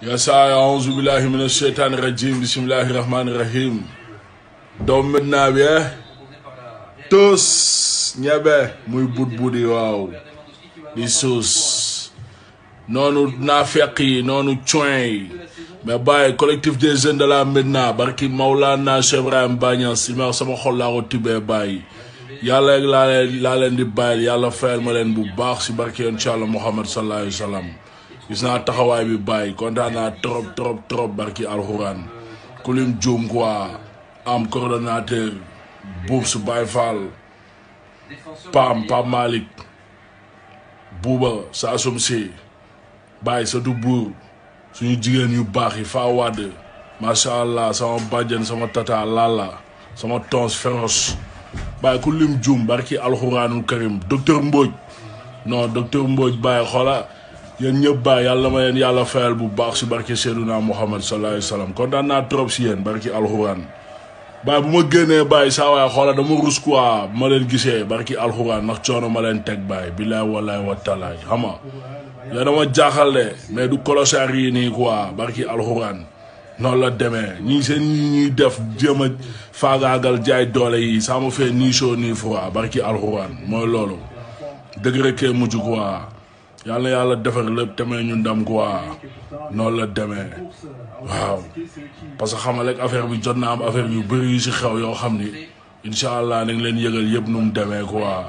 ya saaya auzu billahi min asheytani rajim bismillahi rahmani rahim doom naa bi eh? tos ñebe muy bud budi waaw di suus noonu naafeq yi noonu coin yi mais bàyyi collectif des jeunes de la Médina barki Maulana Cheikh Ibrahim Bañas si ma sama xol laa ko tibbee bàyyi yàlla laa leen laa leen di bàyyil yàlla fayal ma leen bu baax si barki yoon ci Yàlla Muhammad sallallahu alayhi gis naa taxawaay bi bàyyi kontaan naa trop trop trop barki alxuraan ku lim juum quoi am coordonnateur Boubs Baye Fall Pam Pam Malick Bouba sa som si bàyyi sa du buur suñu jigéen yu baax yi faa wadd macha allah sama bàjjen sama tata lalla sama tons féroce bàyyi ku lim juum barki alxuraanul karim docteur Mbodj non docteur Mbodj bàyyi xoola yéen ñëpp baay yàlla ma leen yàlla fayal bu baax si barke Seydina Muhammad sallallahu alayhi wa sallam kontaan naa trop si yéen barki alxuraan baay bu ma génnee baay saa waay xoola dama rus quoi ma leen gisee barki alxuraan ndax coono ma leen teg baay billaay wallaay wa talaay xam nga yéen dama jaaxale mais du kolosaar yi nii quoi barki alxuraan noonu la demee ñi seen ñi ñuy def jéem a faagaagal jaay doole yi sama fee nii chaud nii froid barki alxuraan mooy loolu dëgg rek yàlla yàlla defar lépp tamit ñu ndam quoi noonu la demee waaw parce que xam nga rek affaire bi jot na am affaire yu bëri yu si xew yoo xam ni incha allah nañ leen yëgal yëpp nu mu demee quoi.